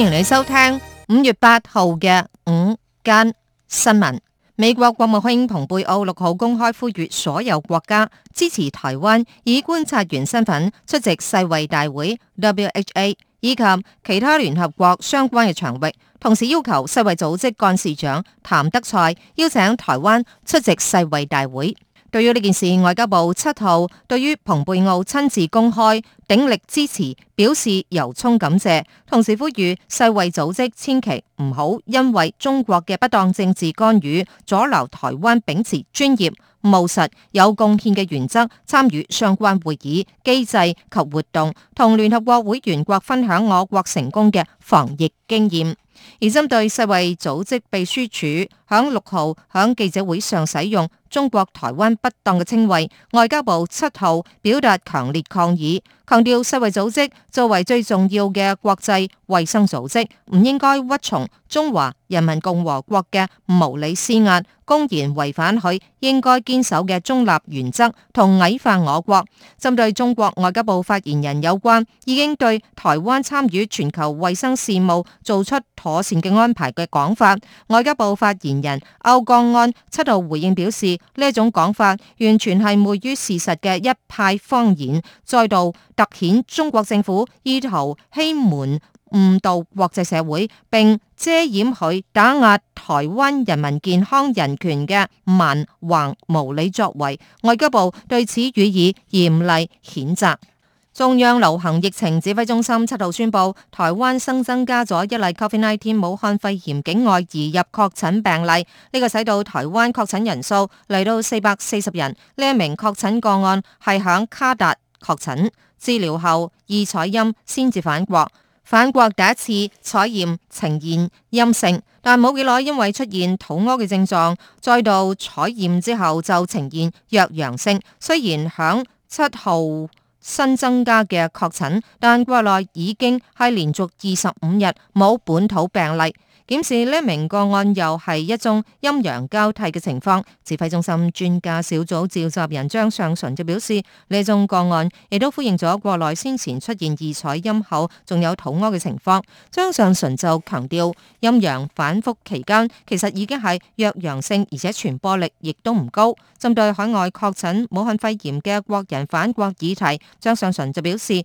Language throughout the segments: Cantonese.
歡迎你收聽五月八號嘅午間新聞。美國國務卿蓬佩奧六號公開呼籲所有國家支持台灣以觀察員身份出席世衛大會 （WHA） 以及其他聯合國相關嘅場域，同時要求世衛組織幹事長譚德塞邀請台灣出席世衛大會。對於呢件事，外交部七號對於蓬佩奧親自公開鼎力支持，表示由衷感謝，同時呼籲世衛組織千祈唔好因為中國嘅不當政治干預，阻撓台灣秉持專業務實有貢獻嘅原則參與相關會議機制及活動，同聯合國會員國分享我國成功嘅防疫經驗。而針對世衛組織秘書處響六號響記者會上使用中國台灣不當嘅稱謂，外交部七號表達強烈抗議，強調世衛組織作為最重要嘅國際衛生組織，唔應該屈從中華人民共和國嘅無理施壓，公然違反佢應該堅守嘅中立原則，同矮化我國。針對中國外交部發言人有關，已經對台灣參與全球衛生事務做出妥善嘅安排嘅講法，外交部發言人歐江安七號回應表示，呢種講法完全係昧於事實嘅一派謊言。再度凸顯中國政府意圖欺瞞誤導國際社會，並遮掩佢打壓台灣人民健康人權嘅蠻橫無理作為，外交部對此予以嚴厲譴責。中央流行疫情指揮中心七號宣布，台灣新增加咗一例 Covid nineteen 武漢肺炎境外移入確診病例，呢個使到台灣確診人數嚟到四百四十人。呢一名確診個案係響卡達確診治療後二採陰先至返國，返國第一次採驗呈現陰性，但冇幾耐因為出現肚屙嘅症狀，再度採驗之後就呈現弱陽性。雖然響七號，新增加嘅確診，但國內已經係連續二十五日冇本土病例。顯示呢名個案又係一宗陰陽交替嘅情況。指揮中心專家小組召集人張上淳就表示，呢宗個案亦都呼應咗國內先前出現異彩陰口，仲有肚屙嘅情況。張上淳就強調，陰陽反覆期間其實已經係弱陽性，而且傳播力亦都唔高。針對海外確診武漢肺炎嘅國人返國議題，張上淳就表示。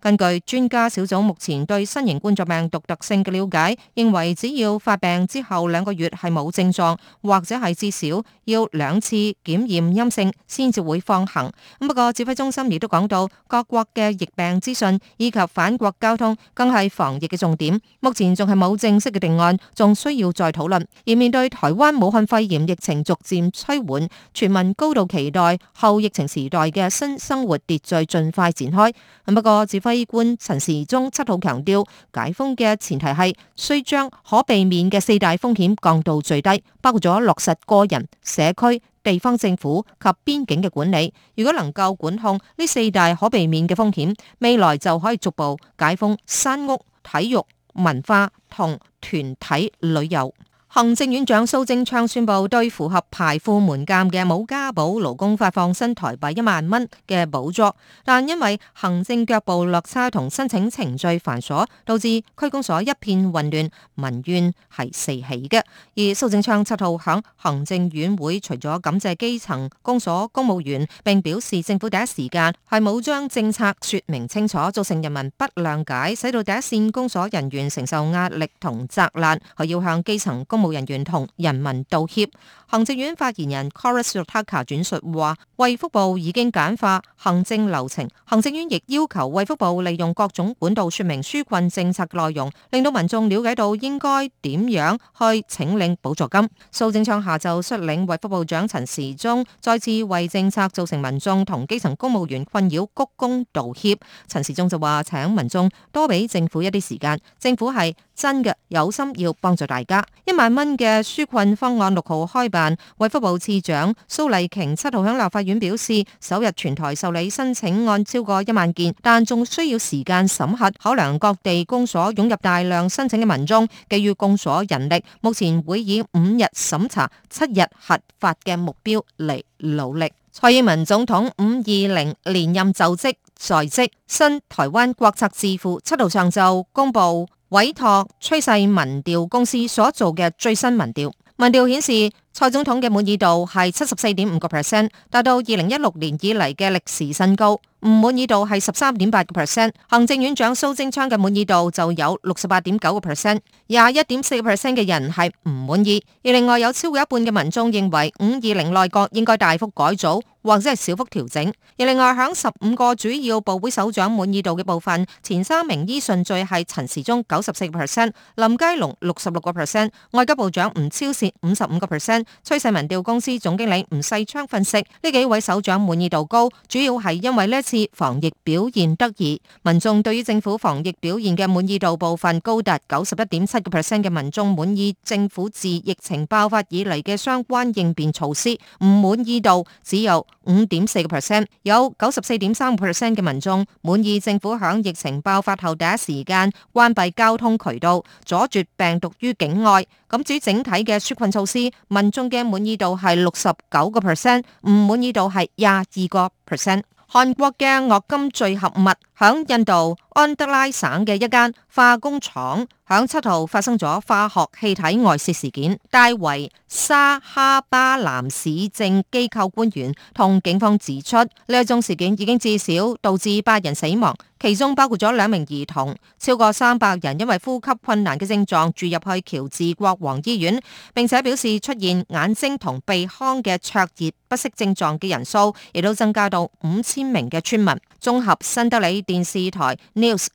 根據專家小組目前對新型冠狀病毒特性嘅了解，認為只要發病之後兩個月係冇症狀，或者係至少要兩次檢驗陰性先至會放行。咁不過指揮中心亦都講到，各國嘅疫病資訊以及返國交通更係防疫嘅重點。目前仲係冇正式嘅定案，仲需要再討論。而面對台灣武漢肺炎疫情逐漸趨緩，全民高度期待後疫情時代嘅新生活秩序盡快展開。不過指揮。機關陳時中七號強調，解封嘅前提係須將可避免嘅四大風險降到最低，包括咗落實個人、社區、地方政府及邊境嘅管理。如果能夠管控呢四大可避免嘅風險，未來就可以逐步解封山屋、體育、文化同團體旅遊。行政院長蘇貞昌宣布對符合排富門檻嘅冇加保勞工發放新台幣一萬蚊嘅補助，但因為行政腳步落差同申請程序繁瑣，導致區公所一片混亂，民怨係四起嘅。而蘇貞昌七號響行政院會，除咗感謝基層公所公務員，並表示政府第一時間係冇將政策說明清楚，造成人民不諒解，使到第一線公所人員承受壓力同責難，係要向基層公務。人員同人民道歉。行政院發言人 Kolas Yotaka 轉述話，衛福部已經簡化行政流程，行政院亦要求衛福部利用各種管道說明紓困政策內容，令到民眾了解到應該點樣去請領補助金。蘇貞昌下晝率領衛福部長陳時中再次為政策造成民眾同基層公務員困擾鞠躬道歉。陳時中就話，請民眾多俾政府一啲時間，政府係。真嘅有心要幫助大家。一萬蚊嘅紓困方案六號開辦，衛福部次長蘇麗瓊七號響立法院表示，首日全台受理申請案超過一萬件，但仲需要時間審核，考量各地公所湧入大量申請嘅民眾，給予公所人力，目前會以五日審查、七日核發嘅目標嚟努力。蔡英文總統五二零連任就職在即，新台灣國策智庫七號上晝公布。委託趨勢民調公司所做嘅最新民調，民調顯示蔡總統嘅滿意度係七十四點五個 percent，達到二零一六年以嚟嘅歷史新高；唔滿意度係十三點八個 percent。行政院長蘇貞昌嘅滿意度就有六十八點九個 percent，廿一點四個 percent 嘅人係唔滿意。而另外有超過一半嘅民眾認為五二零內閣應該大幅改組。或者係小幅調整，而另外響十五個主要部會首長滿意度嘅部分，前三名依順序係陳時中九十四個 percent、林佳龍六十六個 percent、外交部長吳超善五十五個 percent。趨勢民調公司總經理吳世昌分析，呢幾位首長滿意度高，主要係因為呢次防疫表現得宜。民眾對於政府防疫表現嘅滿意度部分，高達九十一點七個 percent 嘅民眾滿意政府自疫情爆發以嚟嘅相關應變措施，唔滿意度只有五點四個 percent，有九十四點三個 percent 嘅民眾滿意政府響疫情爆發後第一時間關閉交通渠道，阻絕病毒於境外。咁至於整體嘅紓困措施，民眾嘅滿意度係六十九個 percent，唔滿意度係廿二個 percent。韓國嘅樂金聚合物響印度安德拉省嘅一間化工廠響七號發生咗化學氣體外泄事件。戴維沙哈巴南市政機構官員同警方指出，呢一宗事件已經至少導致八人死亡，其中包括咗兩名兒童。超過三百人因為呼吸困難嘅症狀住入去喬治國王醫院，並且表示出現眼睛同鼻腔嘅灼熱不適症狀嘅人數亦都增加到五千名嘅村民。綜合新德里電視台。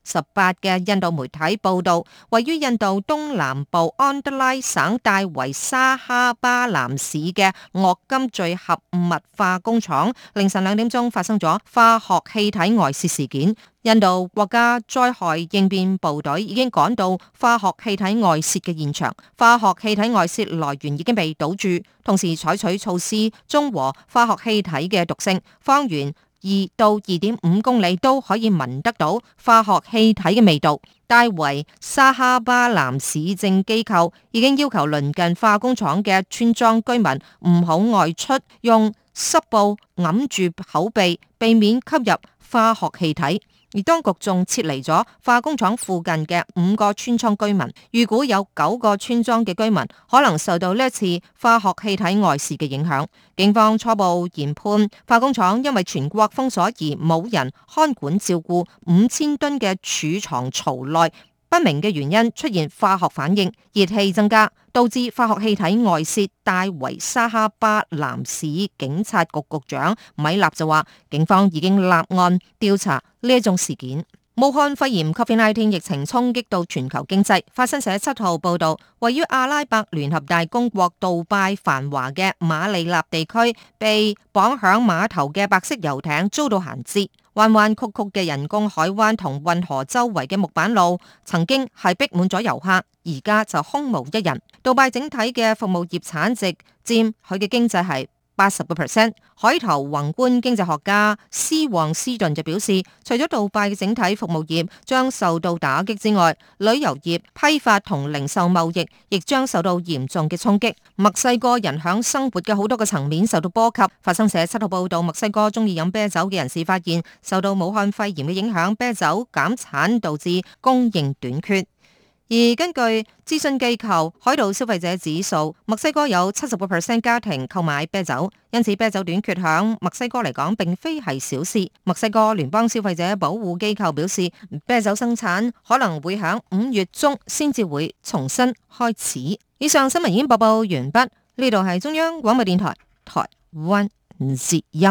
十八嘅印度媒體報道，位於印度東南部安德拉省戴維沙哈巴南市嘅樂金聚合物化工廠凌晨兩點鐘發生咗化學氣體外泄事件。印度國家災害應變部隊已經趕到化學氣體外泄嘅現場，化學氣體外泄來源已經被堵住，同時採取措施中和化學氣體嘅毒性。方圓，二到二點五公里都可以聞得到化學氣體嘅味道。大維沙哈巴南市政機構已經要求鄰近化工廠嘅村莊居民唔好外出，用濕布掩住口鼻，避免吸入化學氣體。而當局仲撤離咗化工廠附近嘅五個村莊居民，預估有九個村莊嘅居民可能受到呢一次化學氣體外洩嘅影響。警方初步研判，化工廠因為全國封鎖而冇人看管照顧五千噸嘅儲藏槽內。不明嘅原因出現化學反應，熱氣增加，導致化學氣體外泄。大維沙哈巴南市警察局局長米納就話，警方已經立案調查呢一種事件。武漢肺炎 Covid nineteen 疫情衝擊到全球經濟。法新社七號報道，位於阿拉伯聯合大公國杜拜繁華嘅馬里納地區，被綁響碼頭嘅白色遊艇遭到閒置。彎彎曲曲嘅人工海灣同運河周圍嘅木板路，曾經係逼滿咗遊客，而家就空無一人。杜拜整體嘅服務業產值佔佢嘅經濟係八十個 percent，海投宏觀經濟學家斯旺斯頓就表示，除咗杜拜嘅整體服務業將受到打擊之外，旅遊業、批發同零售貿易亦將受到嚴重嘅衝擊。墨西哥人響生活嘅好多個層面受到波及。法新社七號報道，墨西哥鍾意飲啤酒嘅人士發現，受到武漢肺炎嘅影響，啤酒減產，導致供應短缺。而根據諮詢機構海盜消費者指數，墨西哥有七十個 percent 家庭購買啤酒，因此啤酒短缺響墨西哥嚟講並非係小事。墨西哥聯邦消費者保護機構表示，啤酒生產可能會響五月中先至會重新開始。以上新聞已經播報完畢，呢度係中央廣播電台台灣之音。